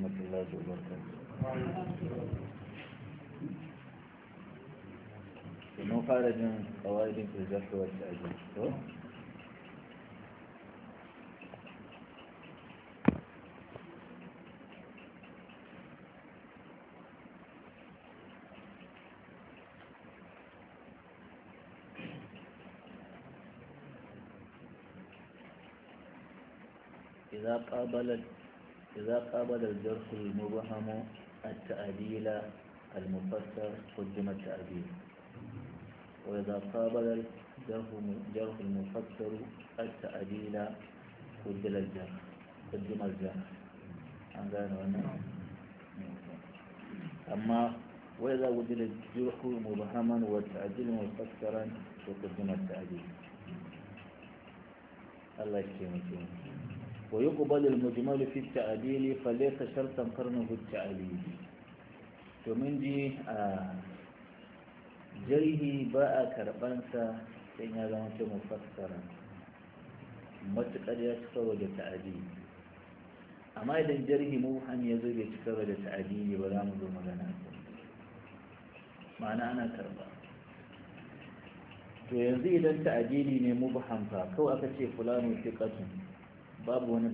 ورحمة الله وبركاته نو خارج من قواعد في الجرح والتأجيل إذا قابلت إذا قابل الجرح المبهم التأديل المفسر قدم التأديل وإذا قابل الجرح المفسر التأديل قدم الجرح قدم الجرح أما وإذا وجد الجرح مبهما والتعديل مفسرا قدم التعديل الله يكرمك ويقبل المجمل في التعديل فليس شرطا قرنه التعديل domin ji a jirgi ba a karbansa sai ya zama ce mafassara matuƙar ya cika wa da ta'adi amma idan jirgi muhan ya zo bai cika wa da ba za mu zo magana ma'ana ana karba to yanzu idan ta'adili ne mubham fa kawai aka ce fulano thiqatun babu wani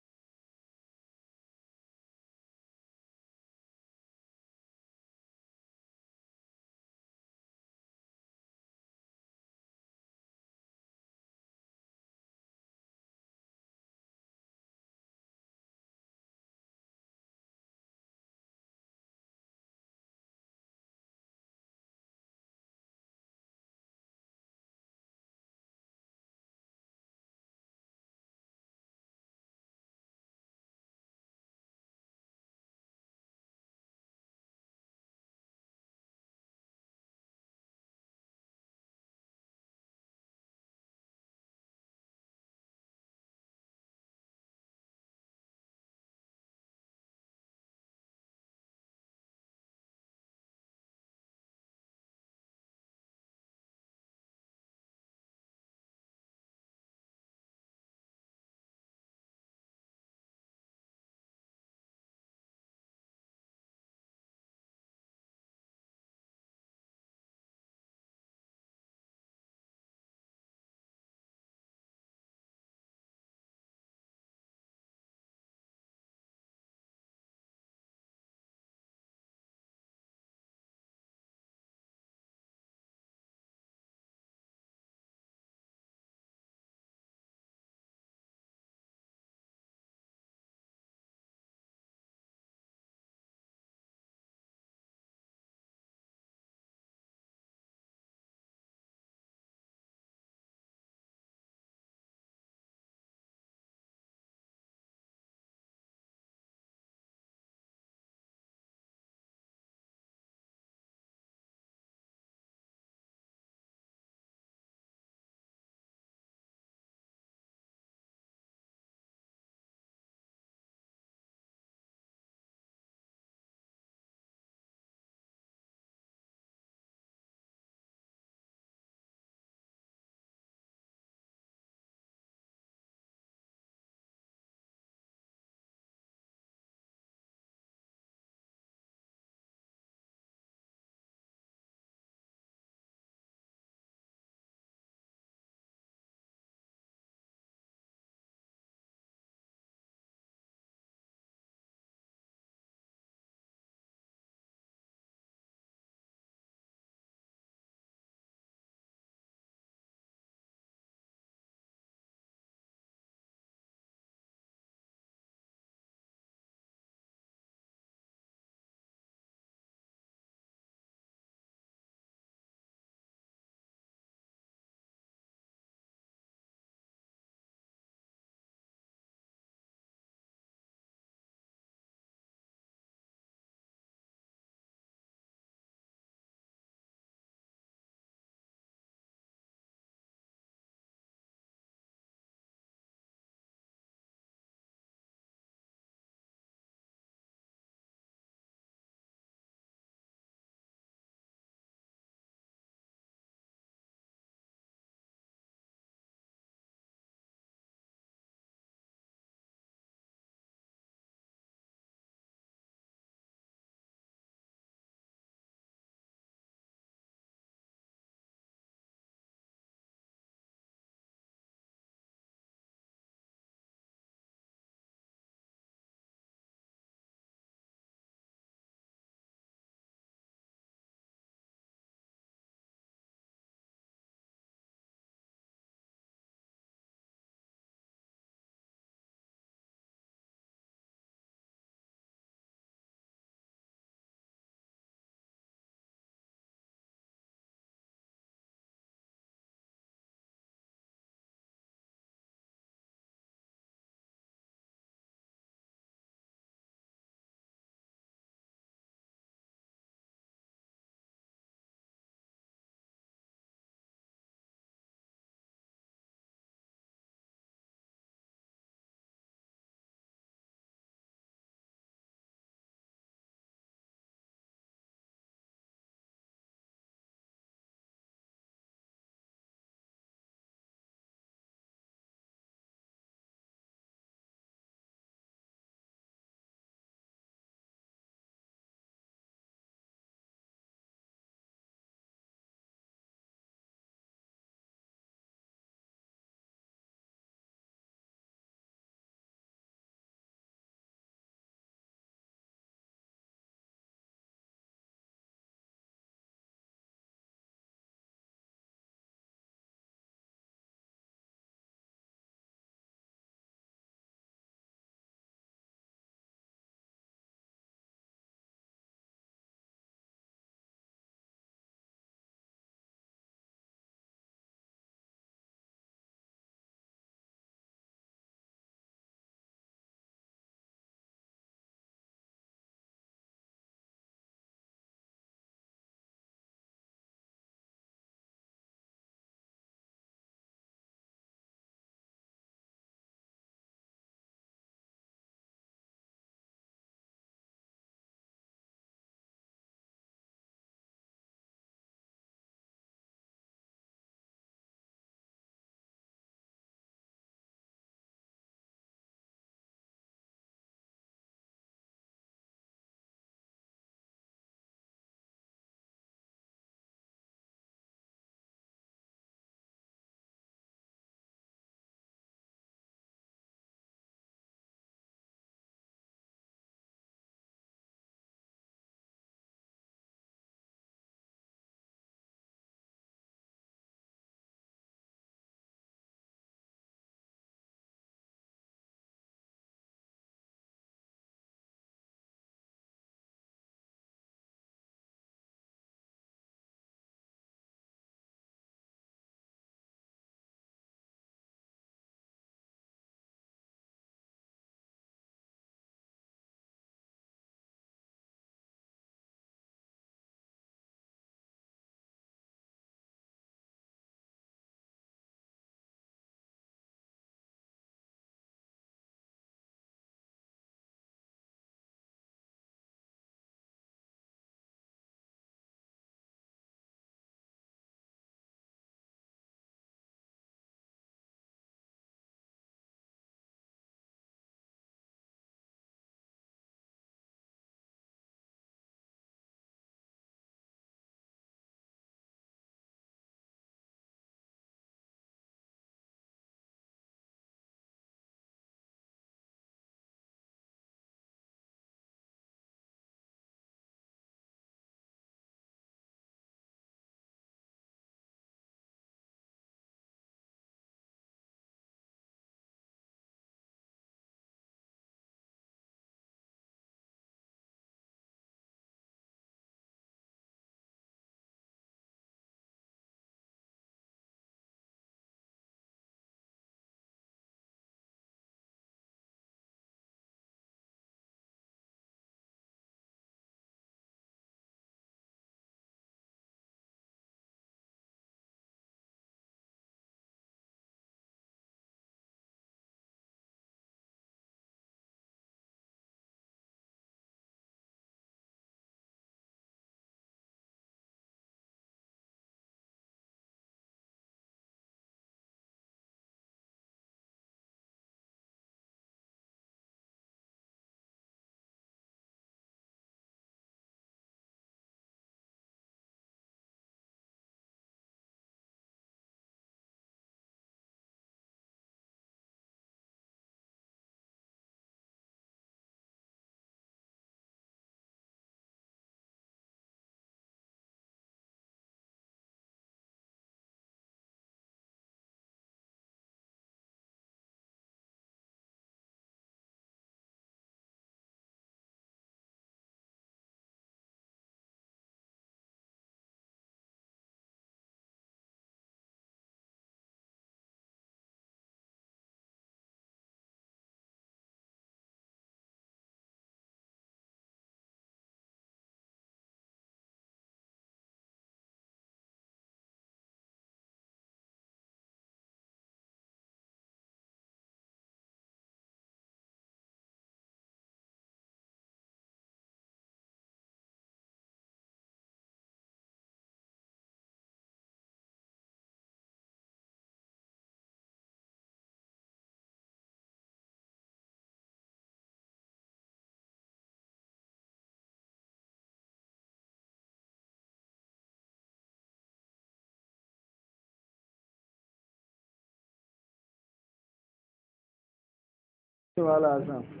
tí wàhálà sàn.